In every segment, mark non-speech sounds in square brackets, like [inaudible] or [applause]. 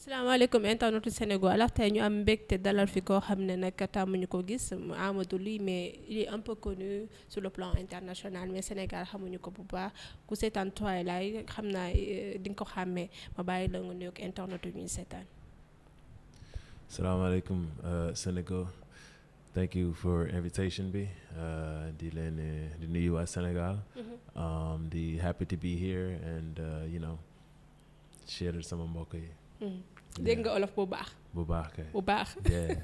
salaamaaleykum internetu Sénégal tey ñu am mbégte dalal fi koo xam ne nag tàmmuñu ko gis mu Amadou Ly mais il est un peu connu sur le plan international mais Sénégal xamuñu ko bu baax ku seetaan Twilight xam naa euh, di nga ko xàmmee ma bàyyi la nga nuyoog internet yu ñuy seetaan. salaamaaleykum euh, Sénégal thank you bi sama mbokk yi. Mm. dégg nga olof bu baax. bu baax kay bu baax.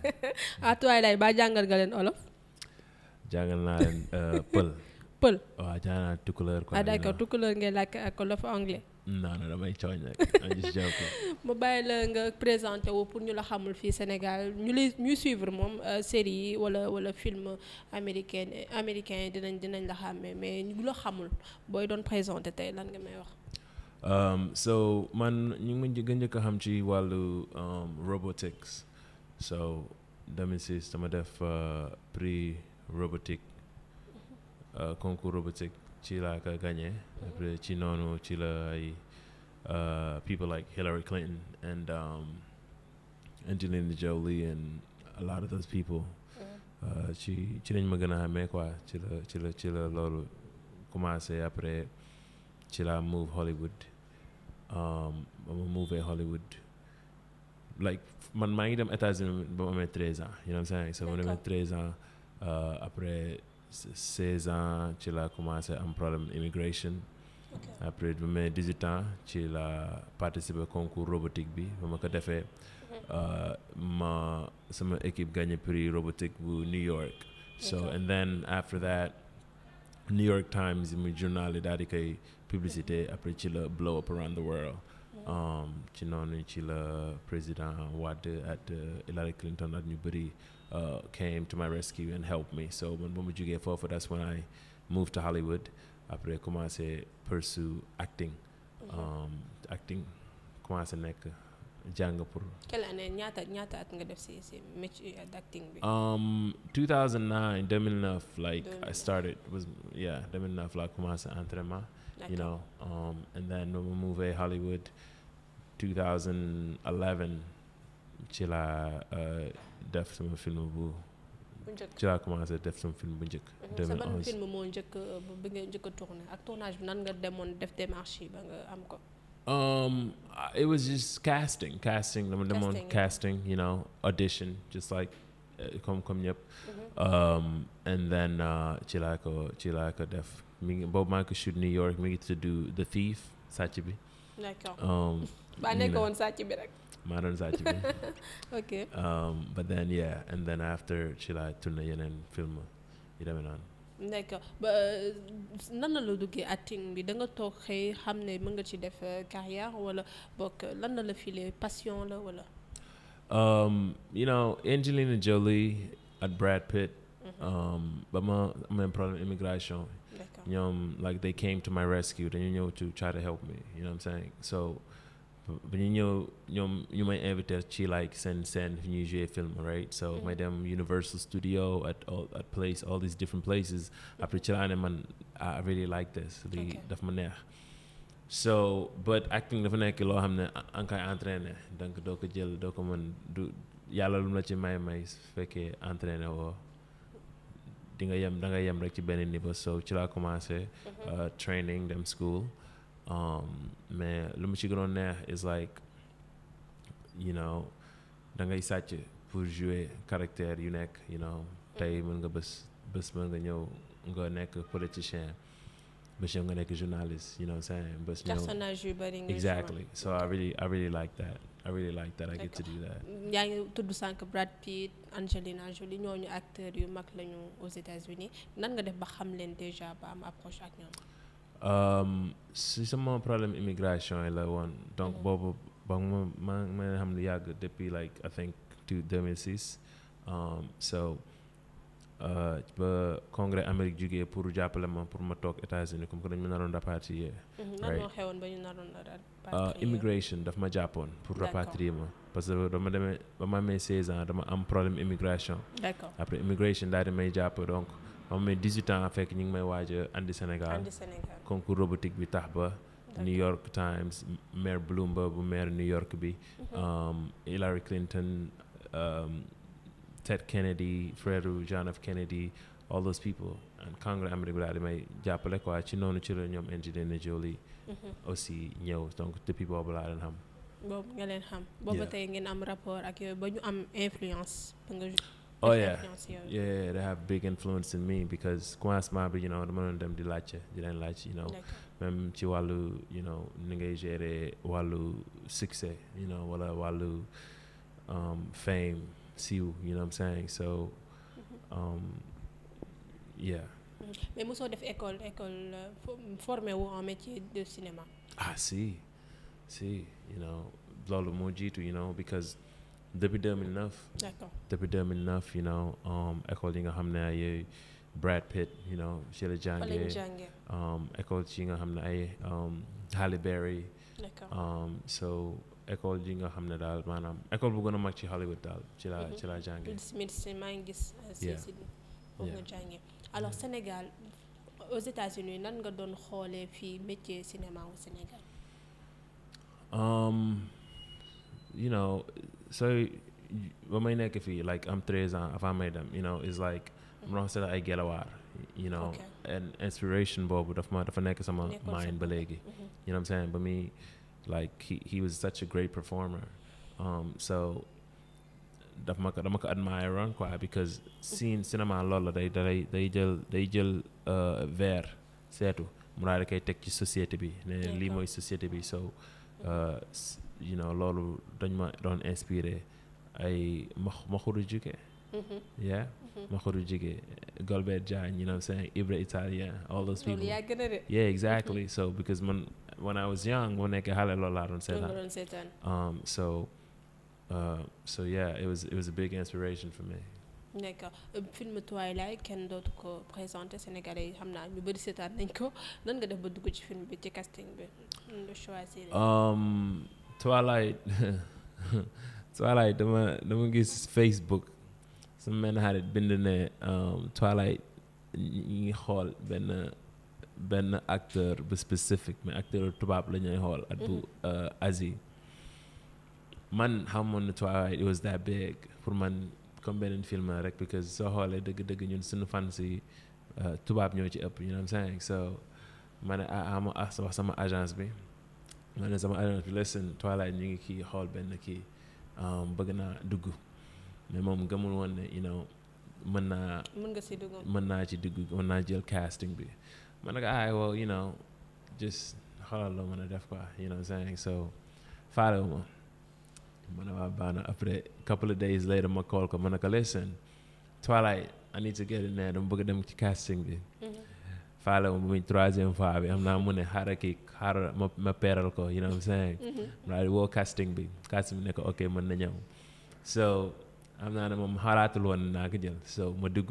[laughs] ah tuwaay laay ba jàngal nga leen olof. jàngal naa leen euh, pël. pël waaw jàngal naa tukkuleur. quoi ah d'accord làkk ak olof anglais. non non damay cooñ rek ma [laughs] nga présenté wu pour ñu la xamul fii Sénégal ñu lay ñuy suivre moom euh, série yi wala wala film américain américain dinañ dinañ la xàmmee mais ñu la xamul booy doon présenté tey lan nga may wax. Um, so man ñu ngi gën njëkk xam ci wàllu um, robotics so 2006 dama def uh, prix robotique uh, concours robotique ci laa ka gagné après ci noonu ci la ay uh, people like Hillary Clinton and um, Angelina Jolie and a of those people mm. ci lañ ma gën a xamee quoi ci la ci la ci loolu commencé après ci la move Hollywood ba um, mu move Hollywood like man maa ngi dem États-Unis ba ma amee so ma demee treize ans uh, après seize ans ci la commencé am problème immigration après ba ma dix-huit ans ci la participer concours robotique bi ba ma ko defee mhm. uh, ma sama équipe gagné prix robotique bu New York so and then after that New York Times mu journal yi daal di koy publicité après ci la blow up around the world um, ci noonu ci la président Wade at euh, Hillary Clinton at ñu uh, came to my rescue and helped me so man ba mu jógee foofu that's when I moved to Hollywood après commencé pursue acting um, acting commencé nekk jàng pour. quelle année ñaata ñaata at nga def um, like I started was yeah 2009 laa commencé entraînement. you know. Um, and then ba ma move Hollywood ci laa euh, def sama film bu. bu njëkk njëkk. 2011 mhm. sa ban film moo njëkk bi nga njëkk tournage bi nan nga demoon def démarche yi ba nga am ko. Um, uh, it was just casting, casting. Them, them casting. audition, just like uh, come come mhm. um, and then uh, Chilako Chilako Def mi ngi boobu maa ngi ko shoot New York mi ngi tudd The Thief sàcc bi. d'accord um, [laughs] ba nekk woon sàcc bi rek. maa doon sàcc bi. [laughs] ok um, but then yeah after ci la tourné yeneen film yi demee noonu. d'accord ba nan la la duggee acting bi danga toog xëy xam ne mën nga ci def euh, carrière wala bokk lan la la filee passion la wala. Um, you know Angelina Jolie at Brad Um, ba ma amee problème immigration. ñoom like they came to my rescue dañu ñëw to try to help me you know bu ñu ñëw ñoom ñu may invité ci like seen seen fi ñuy jouer film right so may mm-hmm. dem Universal Studio at all at place all these different places après ci man I really like this lii daf ma neex so but acting dafa nekk loo xam ne an koy entraîné donc doo ko jël doo ko mën du yàlla la ci may may su fekkee entraîné woo di nga yem da nga yem rek ci benn niveau so ci laa commencé. Mhm. Euh, training dem school um, mais lu mu ci gënoon neex is like you know da sàcc pour jouer caractère yu nekk you tey mhm. mën nga bés bés mën nga ñëw nga nekk politicien bés ñëw nga nekk journaliste you know saying bés ñëw personnage yu exactly so I really like that I really like that I get to do that. yaa ngi tudd sànq Brad Pitt Angelina Jolie ñooñu acteurs yu mag lañu aux États-Unis nan nga def ba xam leen déjà ba am approche ak ñoom. Um, si sama problème immigration yi la woon donc mm-hmm. boobu ba ma ma ma xam lu yàgg depuis like I think to 2006 um, so. Euh, ba congrès amerique jugee pour jàppale ma pour ma toog États-Unis comme que dañ ma naroon rapatrier. nan mhm, moo ah, immigration daf ma jàppoon pour rapatrier ma. parce que dama demee ba ma amee 16 ans dama am problème immigration. d'accord après immigration daal di may jàpp donc ba ma amee 18 ans fekk ñu ngi may waaj a andi Sénégal. concours robotique bi tax ba. New York Times maire Bloomberg bu maire New York bi. Mhm. Um, Hillary Clinton. Um, Ted Kennedy frère John F Kennedy all those people and congrès Amérique bi daal may jàppale quoi ci noonu ci la ñoom Angelina Jolie mm-hmm. aussi ñëw donc depuis boobu laa leen xam. boobu nga leen xam. boobu tey ngeen am rapport ak yooyu ba ñu am influence. nga oh yeah yeah they have big influence in me because commencement bi you know dama doon dem di laajte di leen laaj you know. même ci wàllu ni ngay gérer wàllu succès you know um, fame. siiw you know saying so mm-hmm. um, yeah. mais mosoo def école école euh, formé wu en métier de cinéma. ah si si you know loolu moo jiitu you know because depuis 2009. d'accord depuis 2009 you know um, école yi nga xam ne ay Brad ci um, école yi nga xam ne ay Halle école ji nga xam ne daal maanaam école bu gën a mag ci Hollywood daal ci laa mhm. ci la jàngee. médecine maa ngi gis. Uh, foofu nga jàngee alors Sénégal aux États-Unis nan nga doon xoolee fii métier cinéma wu Sénégal. Um, you know sooy ba may nekk fii like am 13 ans avant may dem you know it's like. mu doon seetla ay gelawaar. you know and inspiration boobu dafa ma dafa nekk sama mind ba léegi. Mhm. you know I'm saying ba muy. like he, he was such a great performer um, so ma ko dama ko admire on quoi because seen cinéma loolu la day day day jël day jël euh, verre seetu mu daal di teg ci société bi lii mooy société bi so euh, you loolu dañ ma doon inspiré ay max maxuru juge mm-hmm. yeah mm-hmm. maxuru Golbert Diagne you know saying Ibra Italien all those people yeah exactly mm-hmm. so because man when I was young, when I xale loolu laa doon seetaan. so uh, so yeah it was a big inspiration for me. d'accord euh, film Twilight kenn dootu ko présenté Sénégalais yi xam naa ñu bëri seetaan nañ ko nan nga def ba dugg ci film bi ci casting bi nga choisir. Um, Twilight [laughs] Twilight dama dama gis Facebook sama benn xarit bind ne um, Twilight ñi ngi xool benn. benn acteur bu spécifique mais acteur tubaab la ñuy xool at bu asi man xamoon na Twilight it was that pour man comme beneen film rek because soo xoolee dëgg-dëgg ñun suñu fans si euh, tubaab ñoo ci ëpp you know what I'm saying ne ah, ah, ah sama agence bi ma ne sama agence bi listen Twilight ñu ngi kii xool benn kii um, bëgg naa dugg mais moom gëmul woon ne you know mën naa mën mën naa ci dugg mën naa jël casting bi man nag ay well you know just xoolal loo mën a def quoi you know saying so faale wu ma ma ne waa baana après couple of days later ma call ko ma ne ko listen Twilight I need to get in dama bëgg dem ci casting bi faale wu ma muy troisième fois bi am naa mu ne xaaral kii xaaral ma ma ko you know what I'm saying ma mm-hmm. daal ok mën na ñëw so am naa ne moom xalaatul woon naa ko jël so ma dugg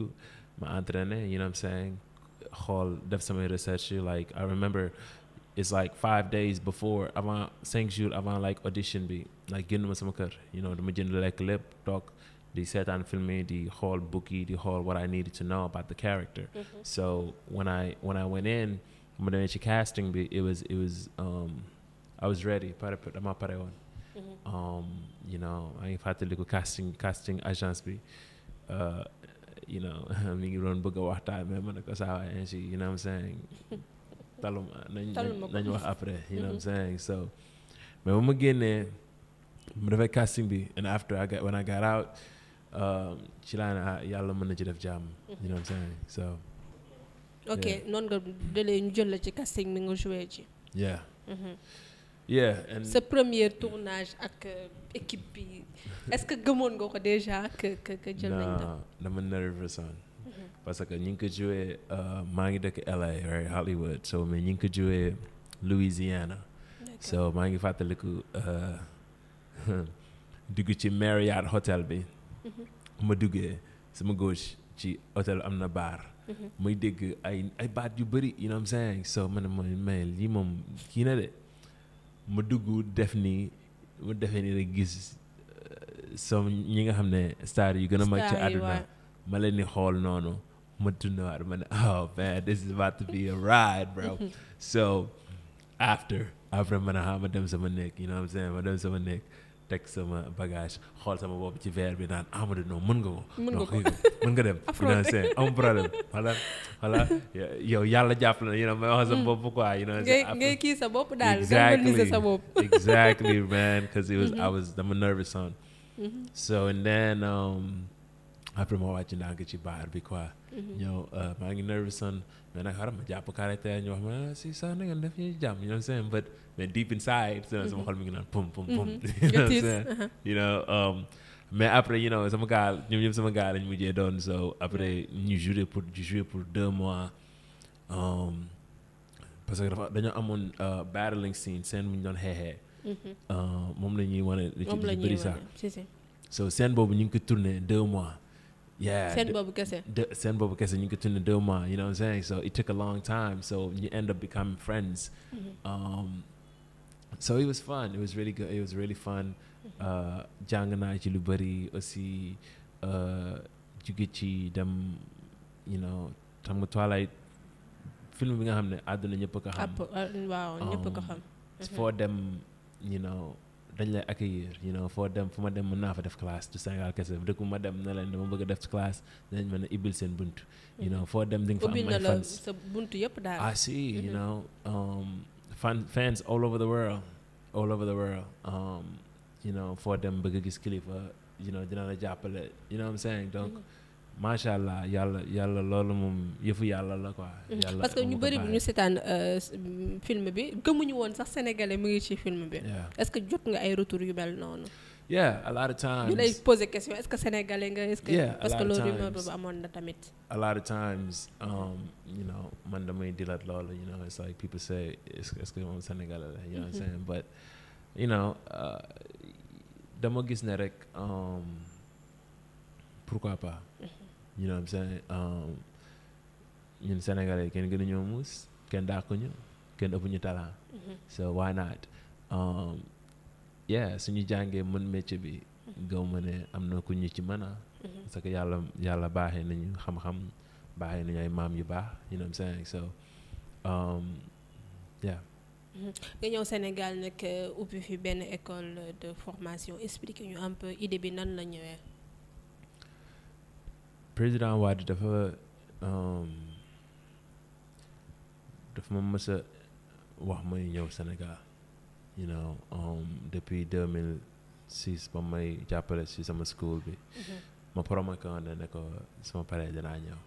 ma entraîné you know what xool def samay recherche like I remember it's like five days before avant cinq jours avant like audition bi like génn ma sama kër you know dama jënd lekk lépp toog di seetaan film yi di xool book yi di xool what I needed to know about the character mm -hmm. so when I when I went in ma demee ci casting bi it was it was um, I was ready pare dama pare woon mm-hmm. um, you know maa ngi fàttaliku casting casting agence bi uh, you know [laughs] mi ngi doon bëgg a waxtaan mais ma ne ko saa waay ainsi you know I'm saying [laughs] taluma nañ wax après you know I'm mm-hmm. saying so mais ba ma génnee mu defee casting bi and after I got, um, ci laa ne ah, yàlla mën na ci def jàmm you know I'm saying so ok noonu nga dalee ñu jël la ci casting bi nga joué ci yeah mm-hmm. yeah and sa premier tournage ak euh, équipe bi est-ce que gëmoon ngoo ko déjà que que jël la. dama nervous woon mhm. parce que ñu ngi ko joué euh, maa ngi dëkk LA right Hollywood so ñu ngi ko joué Louisiana. so maa ngi fàttaliku euh, [laughs] dugg ci Marriott hôtel bi. Mhm. ma duggee sama gauche ci hôtel am na bar. Mhm. muy dégg ay ay baat yu bëri you know what I'm saying so man lii moom kii na de. ma dugg def nii ma defee nii rek gis euh, som ñi nga xam ne star yu gën a mag ci ma leen di xool noonu ma dundawaat ma ne oh man this [laughs] so after après man a ah, ma dem sama nekk you know what I'm saying ma dem sama nekk teg sama bagage xool sama bopp ci verre bi naan Amadou ah, non mën nga ko. mën nga ko mën nga dem. afrodé [laughs] am problème voilà voilà yow yàlla jàppale na yéen may wax sa mm. bopp quoi. you know ngay ngay kii sa bopp daal. exactly sa bopp. exactly man because it was I mm-hmm. was I'm nervous son. Mm-hmm. so and um, après mm-hmm. euh, ma wàcc ndànk ci baar bi quoi. ñëw maa ngi nervous son mais nag xaram ma jàpp caractère ñu wax ma si sax na ngeen def ñuy jàmm ñoom mi ngi naan pum pum pum. Mm-hmm. [laughs] Uh-huh. Um, mais après you know sama gaal ñoom ñëpp sama gaal lañ mujjee doon so après ñu joué pour joué pour deux mois. Um, parce que dafa dañoo amoon euh, battling scene seen bu ñu doon xeexee. Mm-hmm. Euh, moom la ñuy wane. moom la ñuy wane si so scène boobu ñu ngi ko tourné deux mois. yeah seen boobu kese seen boobu kese ñu ngi ko tund deux mois you know what so it took a long time so you end up becoming friends mm-hmm. um, so it was fun jàng naa ci lu bëri aussi uh, jóge ci dem you know nga Twilight film bi nga xam ne àdduna ñëpp a ko xam uh, waaw ñëpp ko um, xam mm-hmm. foo dem you dañ lay accueillir you know foo dem fu ma dem mën naa fa def classe du Sénégal kese dëkku ma dem na leen dama bëgg a def classe dinañ mën a ibbil seen bunt you know foo dem di nga fa am ay fans yëpp daal ah si you mhm. know um, all over the world all um, know foo dem bëgg a gis kilifa you know dina la jàppale you know what I'm donc mhm. macha allah yàlla yàlla loolu moom yëfu yàlla la ko mhm. parce que ñu bëri bu ñu seetaan euh, mm, film bi gëmuñu woon sax sénégalais mu ngi ci film bi. est-ce que jot nga ay retour yu mel noonu. yeah a lot of times ñu lay poser question est-ce nga est parce que loolu rumeur boobu amoon na tamit. a lot of times um, you know man damay dilat loolu you know it's like people say est-ce que moom sénégalais la you know what I'm mhm. saying but you know uh, dama gis ne rek um, pourquoi you know what um, ñun Sénégalais kenn gënu ñoo muus kenn dàquñu kenn ëpp ñu talent. Mm-hmm. so why not um, yeah suñu jàngee mën métier bi. Mm-hmm. gaw ma ne am na ku ñu ci mën a. Mm-hmm. parce yàlla yàlla baaxe nañu xam-xam baaxee nañu ay maam yu baax you know what I'm saying so um, nag euh, ubbi fi benn école de formation explique ñu un peu bi nan la ñëwee. président Wade dafa um, dafa ma mës a wax may ñëw Sénégal you know um, depuis 2006 ba may jàppale si sama school bi mhm. ma promettoon ne ne ko sama paree dinaa ñëw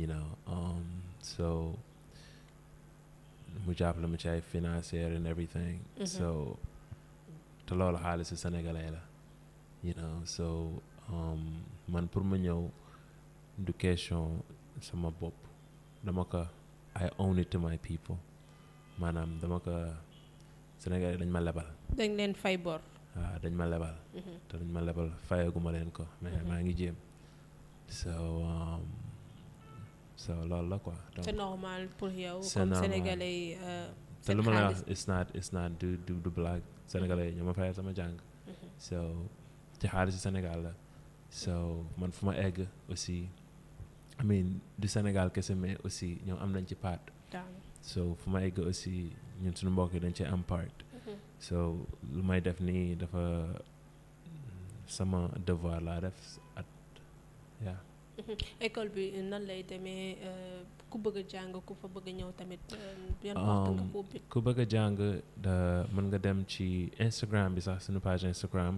you know um, so mu jàppale mu ci ay financier and everything mhm. so te loolu xaalis si sénégalais la you know so man pour ma ñëw du question sama bopp dama ko I own it my people maanaam dama ko Sénégal dañ ma lebal. dañ leen fay bor. waaw dañ ma lebal. Mhm. te dañ ma lebal fayaguma leen ko. mais mhm. maa ngi jéem. so um, loolu la ko c'est normal pour yow. comme sénégalais euh, te lu ma la wax it's not it's not du du du blague sénégalais ñoo ma fayal sama jàng. Mhm. so ci xaalis Sénégal la. so man fu ma egg aussi. I mean du Sénégal kese mais aussi ñoom am nañ ci part. so fu ma egg aussi ñun suñu mbokk yi dañ ci am part. Mhm. so lu may def nii dafa sama devoir laa def at yaa. Mhm. école bi nan lay demee euh, ku bëgg jàng ku fa bëgg ñëw tamit. Euh, yan um, ku bëgg a jàng mën nga dem ci Instagram bi sax suñu page Instagram.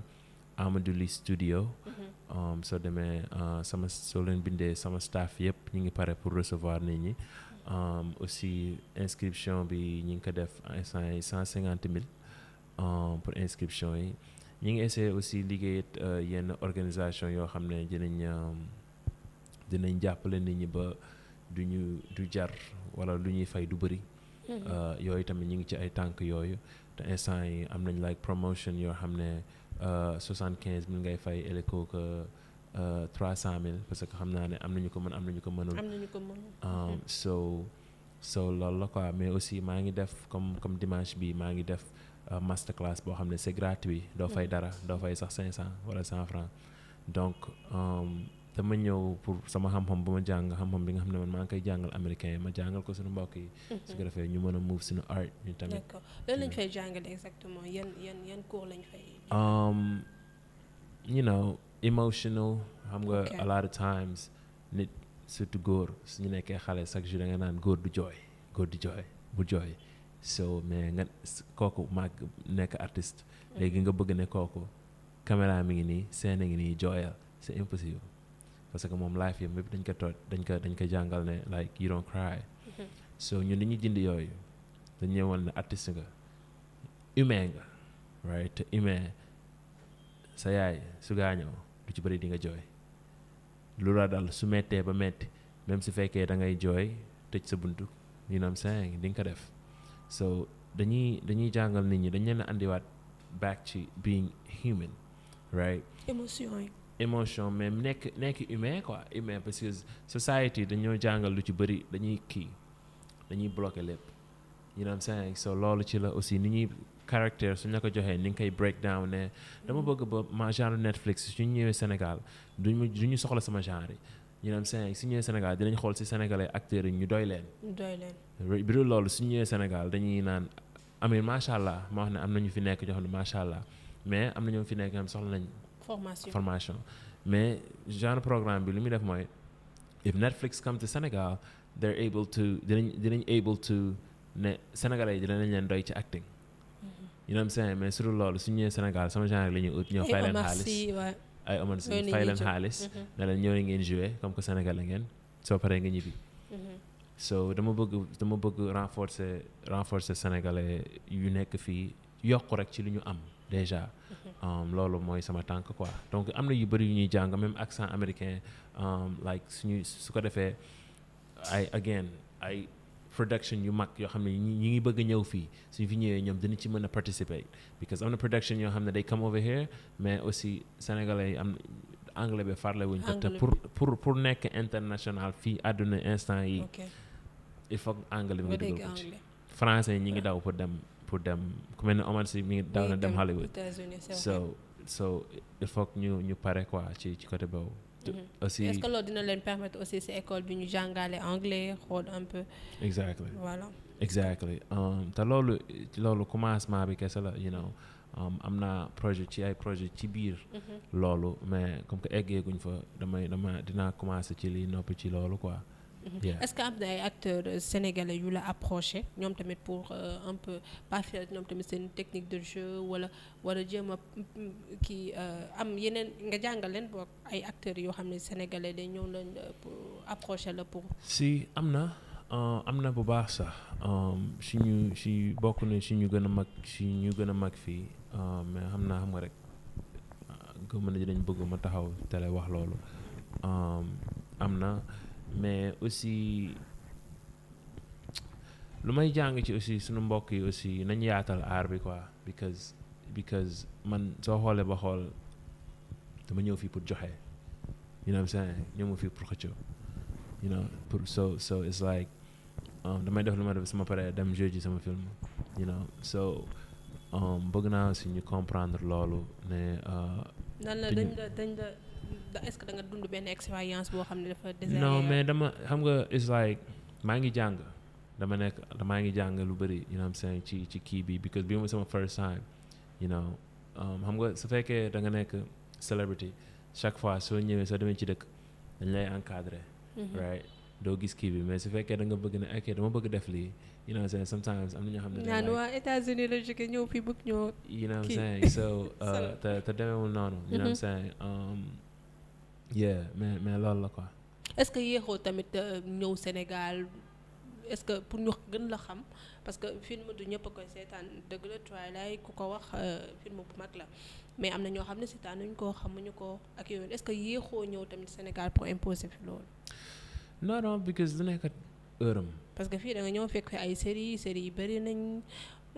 Amadou Ly studio. Mm-hmm. Um, soo demee uh, sama soo leen bindee sama staff yëpp ñu ngi pare pour recevoir nit ñi. Um, aussi inscription bi ñu ngi ko def instant yi cent cinquante mille um, pour inscription yi ñu ngi essayer aussi liggéey uh, yenn organisation yoo xam ne dinañ jàppale nit ñi ba du ñu du jar wala lu ñuy fay du bëri. Mm-hmm. Uh, yooyu tamit ñu ngi ci ay tànk yooyu te instant am nañ like promotion yoo xam ne. Euh, soixante quinze mille ngay fay ele ko euh, trois cent mille parce que xam naa ne am nañu ko mën am nañu ko mënul. am nañu ko mënul. Um, mm-hmm. so so loolu la quoi mais aussi maa ngi def comme comme dimanche bi maa ngi def euh, master class boo xam ne c'est gratuit. doo fay mm-hmm. dara doo fay sax cinq cent wala cent francs donc. Um, dama ñëw pour sama xam-xam ba ma jàng xam-xam bi nga xam ne man maa ngi koy jàngal américain yi ma jàngal ko suñu mbokk yi. Mhm. su ko defee ñu mën a move suñu art ñu tamit. d'accord lan lañ fay jàngale exactement yan yan yan cours lañ fay. Um, you know xam nga a lot of nit surtout góor suñu nekkee xale chaque jour nga naan góor du jooy góor du jooy bu jooy so mais nga kooku maag nekk artiste. Mhm. léegi nga bëgg ne kooku caméra mi ngi nii scène ngi nii jooyal c'est impossible. parce que moom life yam yëpp dañ ko toj dañ ko dañ ko jàngal ne like you don't cry mm-hmm. so ñun li ñu dindi yooyu dañ ñëwoon ne artiste nga humain nga right te humain sa yaay su gaañoo du ci bari di nga jooy lu la dal su mettee ba metti même su fekkee da ngay jooy tëj sa buntu dinam know what ko def so dañuy dañuy jàngal nit ñi dañ leen a andiwaat back ci being human right émotion émotion mais nekk nekk humain quoi humain parce que society dañoo jàngal lu ci bëri dañuy kii dañuy bloqué lépp ñu naan seen so loolu ci la aussi ni ñuy caractère suñ la ko joxee ni nga koy break down ne dama bëgg ba ma genre Netflix suñu ñëwee Sénégal duñu duñu soxla sama genre yi ñu naan seen si ñëwee Sénégal dinañ xool si sénégalais acteurs yi ñu doy leen. doy loolu suñu ñëwee Sénégal dañuy naan amee macha allah ma ne am na ñu fi nekk jox lu macha allah mais am na fi nekk soxla nañ formation formation mais genre programme bi li muy def mooy if Netflix come to Sénégal they're able to dinañ dinañ able to ne Sénégalais yi dinañ leen doy ci acting. Mm-hmm. you know what mais surtout loolu su ñu ñëwee Sénégal sama genre la ñuy ut ñëw fay xaalis ay Omar Sy fay leen xaalis. Mm-hmm. ne leen ñëw ngeen joué comme que Sénégalais ngeen soo paree nga ñibbi. Mm-hmm. so dama bëgg dama bëgg renforcer renforcer Sénégalais yu nekk fii yokk rek ci lu ñu am. déjà mm-hmm. um, loolu mooy sama tànk quoi donc am na yu bëri yu ñuy jàng même accent américain um, like suñu su ko defee ay again ay production yu mag yoo xam ne ñi ngi bëgg ñëw fii suñu fi ñëwee ñoom dina ci mën a participer because am na production yoo xam ne day come over here mais aussi sénégalais yi am anglais bi farle wuñ ko te pour pour pour nekk international fii àdduna instant yi il faut anglais bi nga dugal ko ci français ñi ngi daw pour dem pour dem ku mel ne Omar Sy mi ngi dem Hollywood so il faut ñu ñu pare quoi ci ci côté boobu. Mm-hmm. aussi est-ce loolu dina leen permettre aussi si école bi ñu jàngaale anglais xool un peu. exactly voilà exactly um, te loolu loolu commencement bi kese la you know um, am naa projet ci ay projet ci biir. Mm-hmm. loolu mais comme que eggeeguñ fa damay dama dinaa commencer ci lii noppi ci loolu quoi. est-ce que am na ay acteurs euh, sénégalais yu la approché ñoom tamit pour euh, un peu parfaire ñoom tamit seen technique de jeu wala wala jéem a mm, kii euh, am yeneen nga jàngal leen boog ay acteurs yoo xam ne sénégalais day ñëw lañ approché la pour. si am na am na bu baax sax si ñu si bokk na si ñu gën a mag si ñu gën a mag fii mais xam naa xam nga rek gëm na dañ bëgg ma taxaw télé wax loolu am na. mais aussi lu may jàng ci aussi suñu mbokk yi aussi nañu yaatal aar bi quoi because because man soo xoolee ba xool dama ñëw fii pour joxe you know what I'm ñëw ma fii pour xëccoo you know pour so so it's like um, damay def lu ma def sama pare dem jeu ji sama film you know so um, bëgg naa aussi ñu comprendre loolu ne. Uh, nan la dañ la. est-ce que da nga benn expérience boo xam ne dafa. no mais dama xam nga it's like maa ngi jàng dama nekk maa ngi jàng lu bëri you sen ci ci kii bi because bi ma sama first time you know um, xam nga su fekkee da nga nekk celebrity chaque fois soo ñëwee soo demee ci dëkk dañ lay encadrer. Mm-hmm. right doo gis kii bi mais su fekkee da nga bëgg ne ok dama bëgg def lii you know saying sometimes am na ñoo xam ne. naan waa États-Unis la jóge ñëw fii bëgg ñoo. you know saying so. [laughs] Uh, te te demeewul noonu. you know yeah mais mais loolu la quoi. est-ce que yéexoo tamit euh, ñëw Sénégal est-ce que pour ñu gën la xam parce que film du ñëpp koy seetaan dëgg la Twilight ku ko wax euh, film bu mag la mais am na ñoo xam ne seetaan nañu ko xamuñu ko ak yooyu est-ce que yéexoo ñëw tamit Sénégal pour imposer fi loolu. non because du nekk heure am fii da ñëw fekk fi ay séries séries yu bëri nañ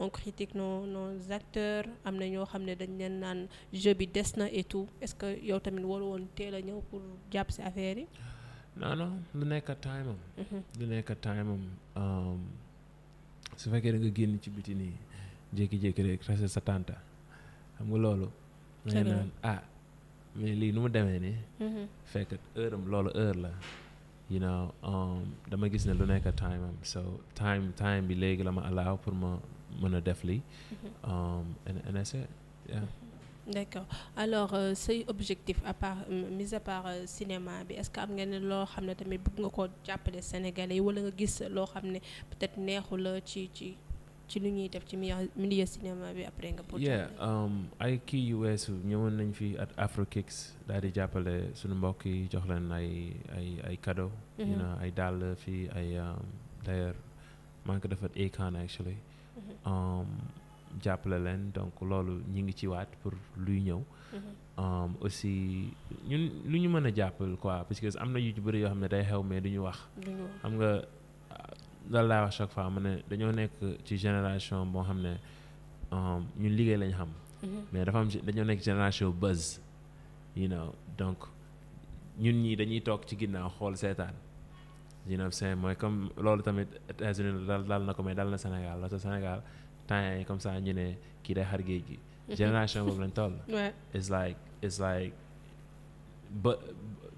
on critique noo noo acteurs am na ñoo xam ne dañ leen naan jeu bi des na et tout est-ce que yow tamit waru woon teel a ñëw pour jàpp ci affaire yi. non lu nekka time am. Mhm. nekk time am um, su fekkee da génn ci biti nii jékki-jékki rek rase sa tànta xam nga loolu. dëgg naan ah mais lii nu mu demee nii. Mhm. fekk heure loolu heure la. you know um, dama gis ne lu nekk time am so time time bi léegi la ma allow pour ma mën a def lii. Mm-hmm. Um, and that's it mm-hmm. alors euh, objectif à part euh, mis à part euh, bi est-ce que am nga ne loo xam ne tamit bëgg nga ko jàppale Sénégalais yi wala nga gis loo xam ne peut-être neexu la ci ci ci lu ñuy def ci milieu cinéma bi après nga. pour yeah um, ay kii yu weesu ñëwoon nañ fi at Afrokicks dal di jàppale suñu mbokk yi jox leen ay ay ay cadeau. you mm-hmm. know ay dàll fii ay um, d'ailleurs maa ngi ko defat Akon actually. Um, jàppale leen donc loolu ñi ngi ci waat pour luy ñëw. Mm-hmm. Um, aussi ñun lu ñu mën a jàppal quoi parce que am na yu ci bëri yoo xam ne day xew mais du duñu wax. xam nga ah, loolu laa wax chaque fois ma ne dañoo nekk ci génération moo xam ne um, ñun liggéey lañ xam. Mm-hmm. mais dafa am dañoo nekk génération buzz you know donc ñun ñii dañuy toog ci ginnaaw xool seetaan. you know what I'm mooy comme loolu tamit États-Unis dal dal na ko mais dal na Sénégal parce que Sénégal temps yi comme ça ñu ne kii day xar géej gi. Mhm. génération boobu lañ toll. [laughs] it's like it's like ba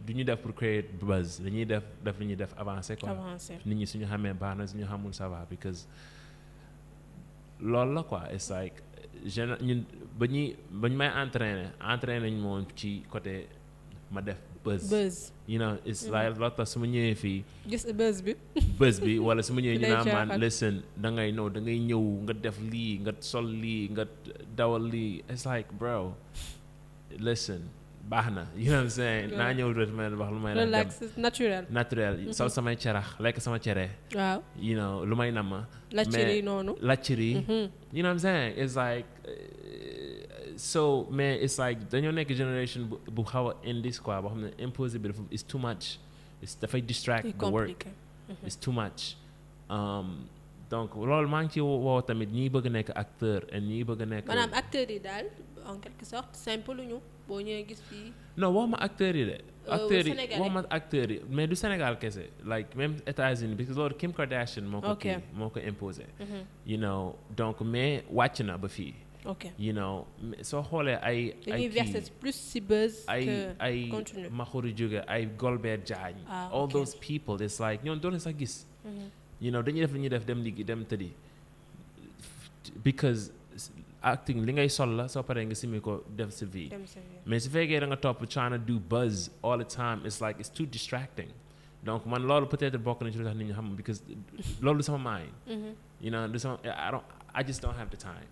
du ñu def pour créer buzz dañuy def def li ñuy def avancer quoi. avancer nit ñi suñu xamee baax na suñu xamul ça va because loolu la quoi it's like gén ba ñuy ba ñu may entraîner entraîner ñu moom ci côté ma def. buzz. buzz you know it's mm-hmm. like loo tax su ma ñëwee fii. gis buzz bi. buzz bi wala su ma ñëwee ñu [laughs] naan man listen da ngay ñëw da ngay ñëw nga def lii nga sol lii nga dawal lii it's like bro listen. baax na you know naa ñëw doot ma wax lu may relax naturel naturel mm-hmm. sol samay cerax lekk sama cere waaw you lu may nama lacciri noonu lacciri mm-hmm. you know what I'm saying it's like eh, so mais it's like dañoo nekk génération bu bu xaw a indice quoi boo xam ne imposé bi dafa it's too much it's dafay distract the work mm-hmm. um, donc loolu maa ngi ci woo tamit ñiy bëgg nekk acteur et ñiy bëgg nekk. maanaam acteurs yi daal en quelque sorte simple ñu boo ñëwee gis fii. non wax ma acteurs yi de. Euh, acteurs yi wax yi mais du Sénégal kese like même États-Unis parce que loolu Kim Kardashian. moo ko kii moo ko imposé. Mm-hmm. you know donc mais wàcc na ba fii. ok you know soo xoolee ay. ay dañuy plus ay ay Makhoury Diouga ay Golbert Diagne. Ah, all those people it's like ñoom doon sax gis. Mm-hmm. you know dañuy def li ñuy def dem liggéey dem tëddi because acting li ngay sol la soo paree nga simmi ko def sa vie. mais su fekkee da nga topp trying to do buzz all the time it's like it's too distracting. donc man loolu peut-être bokk na ci lu tax nit ñi xam because loolu du sama mind. Mm-hmm. you know du sama I don't I just don't have the time.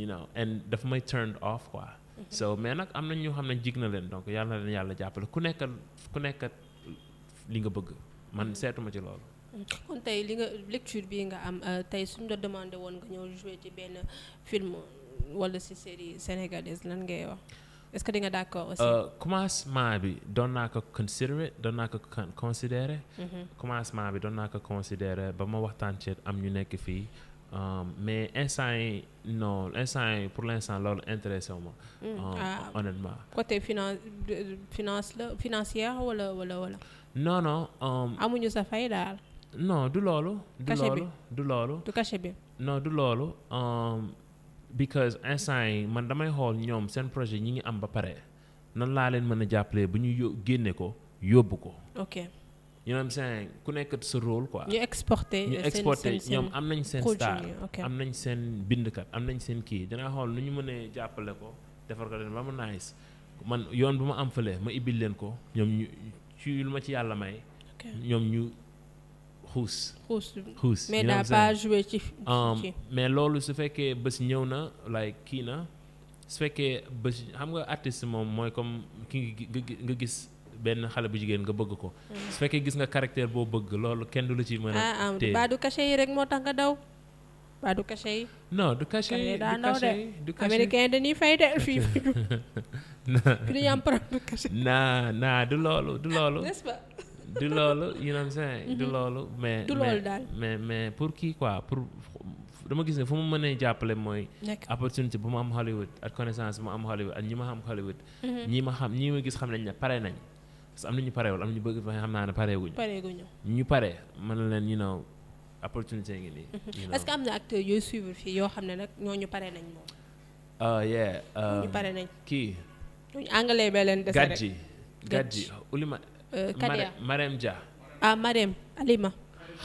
you know and may turned off quoi. Mm-hmm. so mais nag am na ñoo xam ne jig na leen donc yàlla na leen yàlla jàppale ku nekk ku nekk li nga bëgg man mm-hmm. seetuma ci loolu. Mm-hmm. kon tey li nga lecture bii nga am euh, tey suñ la demande woon nga ñëw jouer ci benn film wala ci série sénégalaise lan ngay wax est-ce que di nga d'accord aussi. Euh, commencement bi doon naa ko considéré doon naa ko considéré. commencement bi doon naa ko considéré ba ma waxtaan ci am ñu nekk fii. Um, mais instant yi non instant yi pour l' instant loolu intéressé wu ma. Mm. Um, ah. honnêtement. côté finance finance la financière wala wala wala. non non. Um, amuñu sa fay daal. non du loolu. du loolu du loolu. du cachet bi. non du loolu. because instant yi man damay xool ñoom seen projet ñi ngi am ba pare nan laa leen mën a jàppalee bu ñu génne ko yóbbu ko. ok. you know ku nekk sa rôle quoi. ñu exporté ñu ñoom am nañ seen star am nañ seen bindkat am nañ seen kii dinaa xool nu ñu mënee jàppale ko defar ko leen ba mu nice man yoon bu ma am fële ma ibil leen ko ñoom ñu ci lu ma ci yàlla may. ñoom ñu xuus. xuus mais daa pas joué um, ci mais loolu su fekkee bés ñëw na like kii na su fekkee bés xam nga artiste moom mooy comme ki nga gis. benn xale bu jigéen nga bëgg ko. Mm. su fekkee gis nga caractère boo bëgg loolu kenn du la ci mën a. tey ah, ah du cachet yi rek moo tax nga daw. waa du cachet yi. non du cachet yi du cachet yi du cachet américain fay de [laughs] fii. dañuy [laughs] du cachet. naa [laughs] naa du loolu du ah, loolu. n'est-ce pas. du mhm. loolu mais. du loolu daal mais mais pour kii quoi pour dama gis ne fu mu mënee jàppale mooy. opportunité bu mu am Hollywood ak connaissance bu ma am Hollywood ak ñi ma xam Hollywood. Mhm. ñi ma xam ñi ma gis xam nañ ne pare nañ. parce que am na ñu parewul am na ñu bëgg fa xam naa ne pareeguñu. pareeguñu ñu pare mën na leen ñu naan opportunité ngi nii. Mhm. est-ce que yoo xam ne nag ñooñu pare nañ moom. Ah, yeah. Um, ñu pare nañ kii. anglais bee leen dese rek Gadji Gadji Ulima. Euh, Kadia Marème Dia. ah Marème Halima.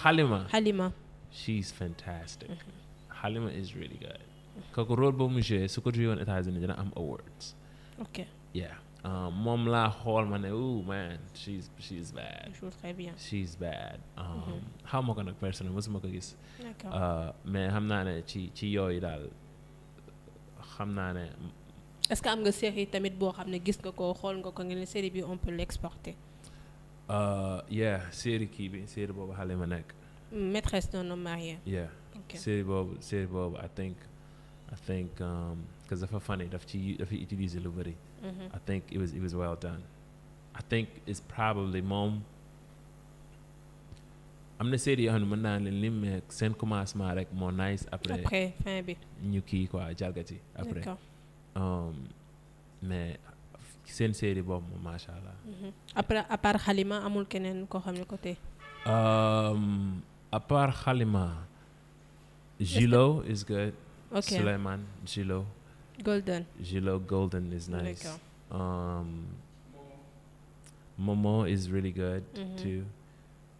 Halima Halima. she is fantastic. Mhm. Halima is really good. kooku rôle boobu mu joué su ko joué woon États-Unis dina am awards. Um, moom laa xool ma ne oh man she's she's bad. je bien. she's bad. Um, mm-hmm. xaw ma ko nag personne mosuma ko gis. Uh, mais xam naa ne ci ci yooyu daal xam naa ne. est-ce que am nga série tamit boo xam ne gis nga koo xool nga ko nga ne série bi on peut l'exporter. Uh, yeah série kii bi série boobu xale ma nekk. maîtresse d'un homme marié. yeah série boobu série boobu I think I think parce um, que dafa funny daf ci dafa utiliser lu bari Mm-hmm. I think it was it well done. I think it's probably moom am na série yoo xam ne mën naa leen lim mais seen commencement rek moo nice après. après fin bi ñu kii quoi jalgati. après um, mais seen série boobu moom macha allah. Mm-hmm. après à part xalima amul keneen koo xam ne côté. Um, à part xalima. Jilo is good. ok Souleymane Golden. Gila Golden is nice. Um, Momo is really good mm-hmm. too.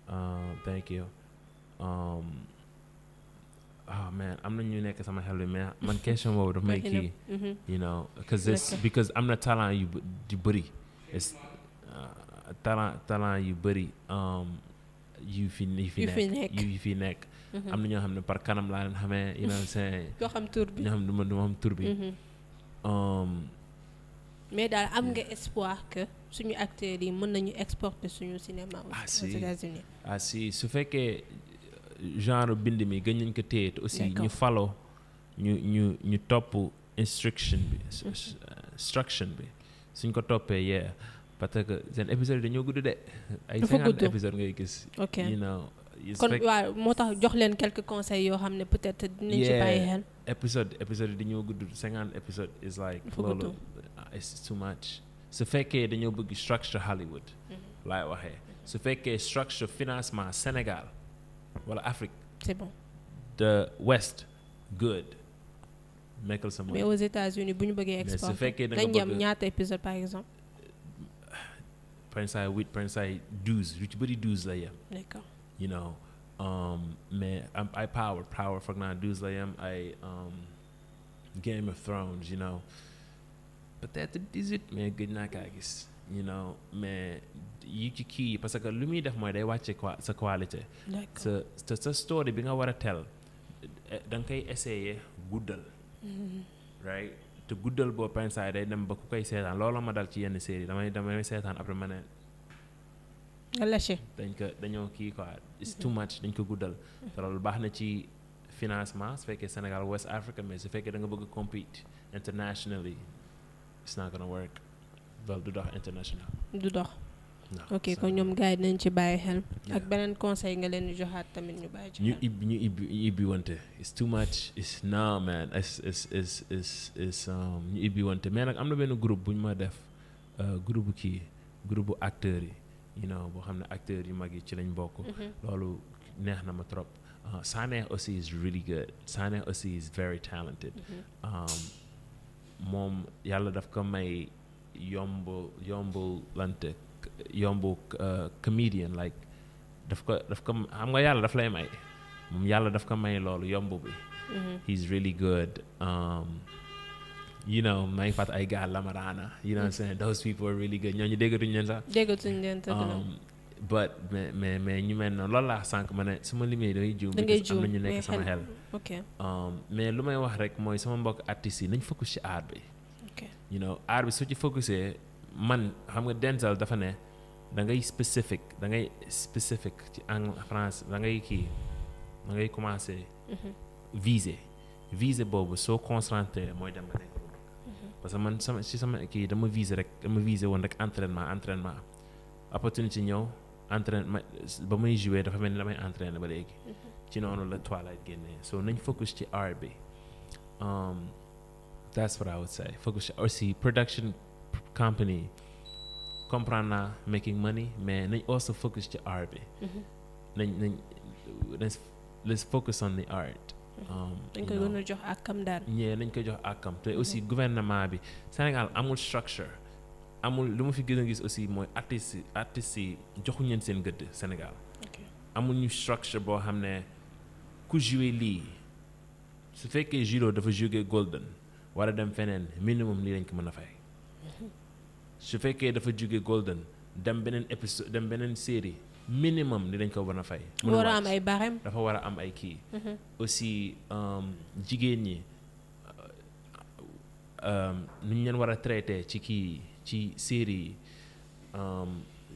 Uh, thank you. Um, oh, man, I'm not new neck sama xel mais man [laughs] question boobu daf may kii. you know mm-hmm. because am na talent yu yu bëri. it's uh, yu bëri um, yu fi yu fi nekk yu fi nekk. am na ñoo xam ne par kanam laa leen xamee. yoo xam tur bi ñoo xam ne du xam tur bi. Mm-hmm. Um, mais daal am nga espoir que suñu acteurs yi mën nañu exporter suñu cinéma. aussi ah, aux ah si su fekkee euh, genre bind mi gën nañ ko téye te aussi ñu falo ñu ñu ñu topp instruction bi. Mhm. instruction bi suñ ko toppee yeah parce que seen épisode yi dañoo gudd de. ay cinquante épisode ngay gis. ok you kon waaw moo tax jox leen quelques conseils yoo xam ne peut-être dinañ ci bàyyi xel. épisode épisode di ñoo gudd cinquante épisode is like. loolu uh, su fekkee dañoo bëgg structure Hollywood. Mm-hmm. laay waxee su fekkee structure financement Sénégal wala Afrique. c'est bon. the West good. mekkal sama mais aux bu ñu bëggee exporter. mais su fekkee da nga bëgg dañ yem ñaata épisode par exemple. [sighs] Prince ay huit Prince ay douze yu ci bëri douze you know, um, ay I, I power, power, fucking I do as I am. I, um, Game of Thrones, you know. But peut-être mais gëj naa kaa gis you know mais yi ci kii yi parce que lu muy def mooy day wàcce sa qualité sa sa sa story bi nga war a tell eh, da koy essayer guddal mm-hmm. right te guddal boo pensaay day dem ba ku koy seetaan looloo ma dal ci yenn série damay damay seetaan après ma ne dañ ko dañoo kii quoi it's too much dañ ko guddal te loolu baax na ci financement su fekkee Sénégal West Africa mais su fekkee da nga bëgg compete internationally it's not gonna work loolu du dox international du dox ok kon ñoom gars yi nañ ci bàyyi xel ak beneen conseil nga leen di joxaat tamit ñu bàyyi ci xel ñu ibbi ñu ibbi ñu ibbi wante it's too much it's no man it's it's it's it's um, ñu ibbi wante mais nag am na benn groupe bu ñu ma def euh, group kii groupe acteurs yi you know boo xam ne acteurs yu mag yi ci lañ bokk. Mm-hmm. loolu neex na ma trop. Uh, Sanekh aussi is really good Sanekh aussi is very talented. Mm-hmm. Um, moom yàlla daf ko may yomb yombu lante yombu uh, comedian like daf ko daf ko xam nga yàlla daf lay may moom yàlla daf ko may loolu yomb bi. Mm-hmm. he's really good. Um, you know maa ngi fàttali ay gars Lamarana you know saying those people are really good ñooñu déggatuñ leen sax. déggatuñ leen sax. Um, but mais mais mais ñu mel noonu loolu laa sànq ma ne suma limee day juum. da ngay juum am na ñu nekk sama xel. ok um, mais lu may wax rek mooy sama mbokk artistes yi nañ focus ci art bi. ok you know art bi su ci focusee man xam nga Denzel dafa ne da ngay spécifique da ngay spécifique ci angle France da ngay kii da ngay commencer. Mhm. viser viser boobu soo concentré mooy dem nekk. parce que man sama si sama kii dama viser rek dama viser woon rek entrainement entraînement opportunité ñëw entraînement ba muy jouer dafa mel ni damay entraîner ba léegi. Mhm. ci noonu la Twilight génne so nañ focus ci art bi um, that's what I would say focus ci aussi mais nañ also focus ci art bi. Mhm. nañ nañ focus on the art. Um, dañ koy gën a jox àkkam daal. ñee nañ koy jox àkkam te aussi gouvernement bi Sénégal amul structure amul lu ma fi gën a gis aussi mooy artistes yi artistes yi joxuñu seen gëdd Sénégal. amul ñu structure boo xam ne ku joué lii su fekkee judo dafa jóge golden war dem feneen minimum lii dañ ko mën a fay. Mhm. su fekkee dafa jóge golden dem beneen épisode dem beneen série minimum ni dañ ko war a fay. mu war a am ay barème dafa war a am ay kii. Mhm. aussi euh, jigéen ñi euh, nu ñu leen war a traité ci kii ci série yi euh,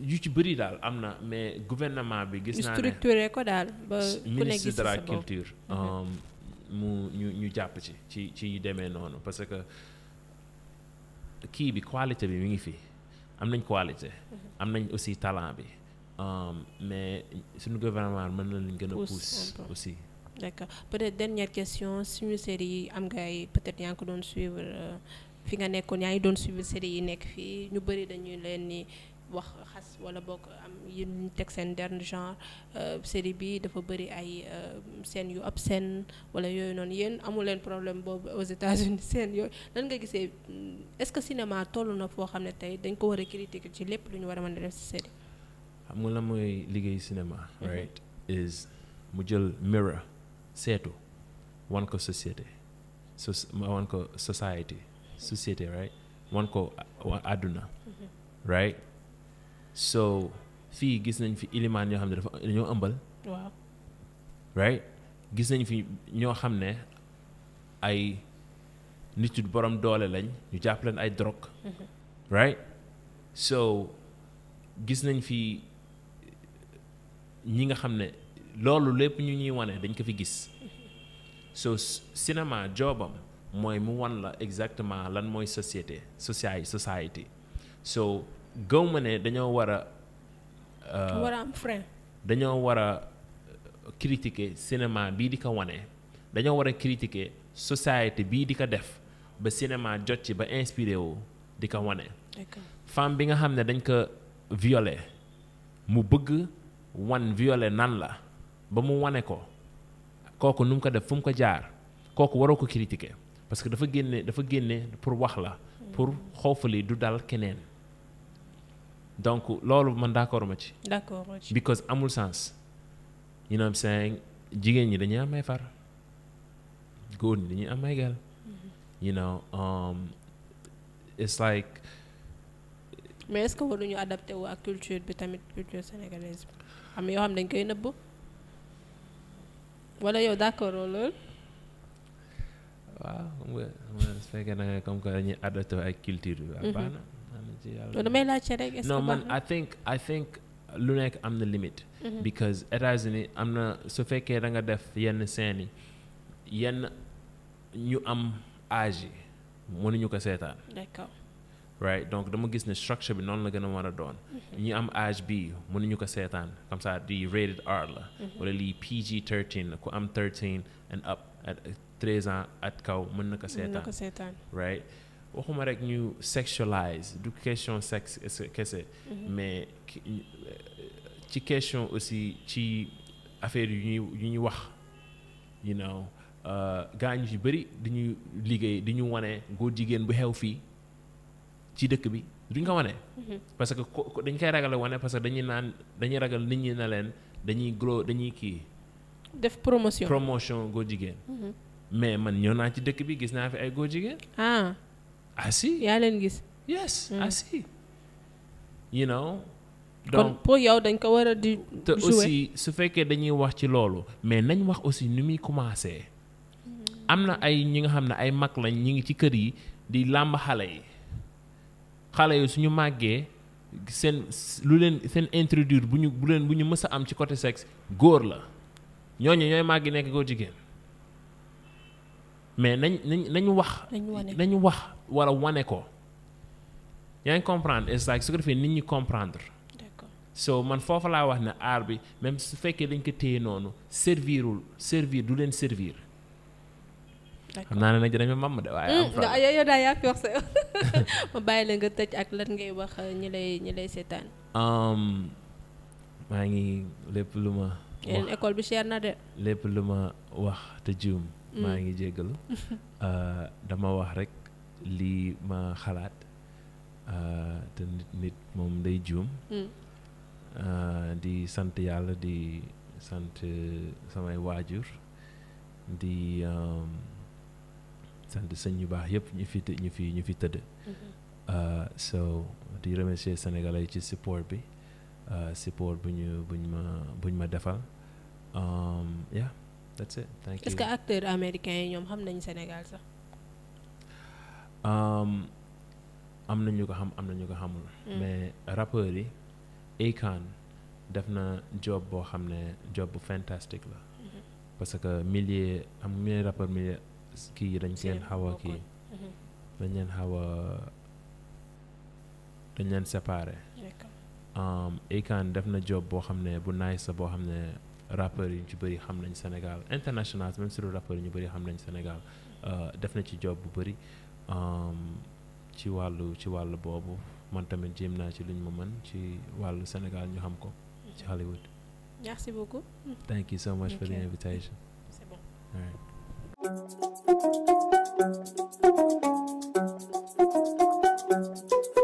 yu ci bëri daal am na mais gouvernement bi. gis naa ne structuré ko daal ba ku ne gis mhm. ñu ñu jàpp ci ci ci yu demee noonu parce que kii bi qualité bi mi ngi fi am nañ qualité. Mhm. am nañ aussi talent bi. Um, mais suñu gouvernement mën na leen gën a pousse aussi d'accord peut-être dernière question suñu série yi am nga ay peut-être yaa ngi ko doon suivre euh, fi nga nekkoon yaa ngi doon suivre série yi nekk fii ñu bëri dañuy leen ni wax xas wala bokk am yéen ñu teg seen dern genre euh, série bi dafa bëri ay euh, scène yu seen wala yooyu noonu yéen amu leen problème boobu aux États-Unis [laughs] scène yooyu lan nga gisee hmm, est-ce que cinéma toll na foo xam ne tey dañ ko war a critiquer ci lépp lu ñu war a mën a def ci xam nga la mooy liggéey cinéma. Mhm. right is mu jël mirror seetu wan ko société so wan ko society wan ko àdduna. Mhm. right so fii gis nañ fi ilimaan ñoo xam ne dafa dañoo ëmbal. right gis nañ fi ñoo xam ne ay nit yu borom doole lañ ñu jàpp ay drogue. Mhm. right so gis nañ fi. ñi nga xam ne loolu lépp ñu ñuy wane dañ ko fi gis so cinéma joobam mooy mu wan la exactement lan mooy société society society so gëw ma ne dañoo war a. Euh, war a dañoo war a euh, critiquer cinéma bii di ko wane dañoo war a critiquer société bii di ko def ba cinéma jot ci ba inspiré wu di ko wane. femme bi nga xam ne dañ ko violé mu bëgg. wan violé nan la ba mu wane ko kooku nu mu ko def fu mu ko jaar kooku waroo ko critiquer parce que dafa génne dafa génne pour wax la pour xoofali du dal keneen donc loolu man d'accord ma ci. d'accord because amul sens. ñu know what I'm jigéen ñi dañuy am ay far góor ñi dañuy am ay gal. Mm-hmm. you know um, it's like. mais est que waruñu adapté wu ak culture bi tamit culture sénégalaise xam yoo xam dañ koy nëbb wala yow d'accord loolu. waaw xam nga su fekkee na comme que dañuy adopté ay culture bi. Mhm. damay laajte rek est-ce man I think I think lu nekk am na limite. Mhm. because États-Unis am na su fekkee da nga def yenn scène yenn ñu am âge mënuñu ko seetaan. right donc dama gis ne structure bi noonu la gën a war a doon ñu am âge bi mënuñu ko seetaan comme ça di rated R la wala lii PG 13 ku am 13 and up at 13 ans at kaw mën na ko seetaan right waxuma rek ñu sexualize du question sexe kese mhm. mais ci question aussi ci affaire yu ñuy yu ñuy wax you know euh, gaañu ci bëri di ñuy liggéey di ñu wane góor jigéen bu xew fii ci dëkk bi duñ ko wane. Mhm. parce que ko dañ koy ragal wane parce que dañuy naan dañuy ragal nit ñi na leen dañuy glo dañuy kii. def promotion promotion góor jigéen. Mhm. mais man ñoo naa ci dëkk bi gis naa fi ay góor jigéen. ah. ah yaa leen gis. yes mm. ah si. you know. donc kon pour yow dañ ko war a di. te aussi su fekkee dañuy wax ci loolu mais nañ wax aussi ni muy commencé. Mhm. am na ay ñi nga xam ne ay mag lañ ñi ngi ci kër yi di làmb xale yi. xale yi suñu màggee seen lu leen seen introduire bu ñu bu leen bu ñu mës a am ci côté sexe góor la ñooñu ñooy màgg nekk koo jigéen mais nañ nañ nañu wax. nañu wax wala wane ko. yaa ngi comprendre et su ko defee nit ñi comprendre. d'accord so man foofu laa wax ne aar bi même su fekkee dañ ko téye noonu servirul servir du leen servir. xam naa ne nag dinañu mam de waaye. am daal yaa fi wax sa [laughs] ma bàyyi la nga tëj ak lan ngay wax euh, ñi lay ñi lay seetaan. Um, maa ngi lépp lu ma. Eh, wax école bi cher na de. lépp lu ma wax te jiwum. maa hmm. ngi jéggalu [laughs] euh, dama wax rek lii ma xalaat euh, te nit nit moom day juum. Hmm. di sant yàlla di sant samay waajur di. Um, sant sëñ yu baax yëpp ñu fi ñu fi ñu fi tëdd mm-hmm. uh, so di remercier sénégalais ci support bi uh, support bu ñu buñ ma buñ ma defal um, yeah that's it thank you est que acteurs américains yi ñoom xam nañ Sénégal sax um, am na ñu ko xam am na ñu ko xamul mm. mais rappeurs yi Akon def na job boo xam ne job bu fantastique la mm-hmm. parce que milliers milliers rappeurs milliers kii yi dañ seen xaw a kii mhm. dañ leen xaw dañ leen séparé Akon um, def na job boo xam ne bu naay sa boo xam ne rappeurs yi ci bëri xam nañ Sénégal international même sur rappeurs ñu bari xam nañ Sénégal uh, def na ci job bu bari um, ci wàllu ci wàllu boobu man tamit jéem naa ci luñ ma man ci wàllu Sénégal ñu xam ko ci mhm. Hollywood. thank you so much for the invitation. Thank you.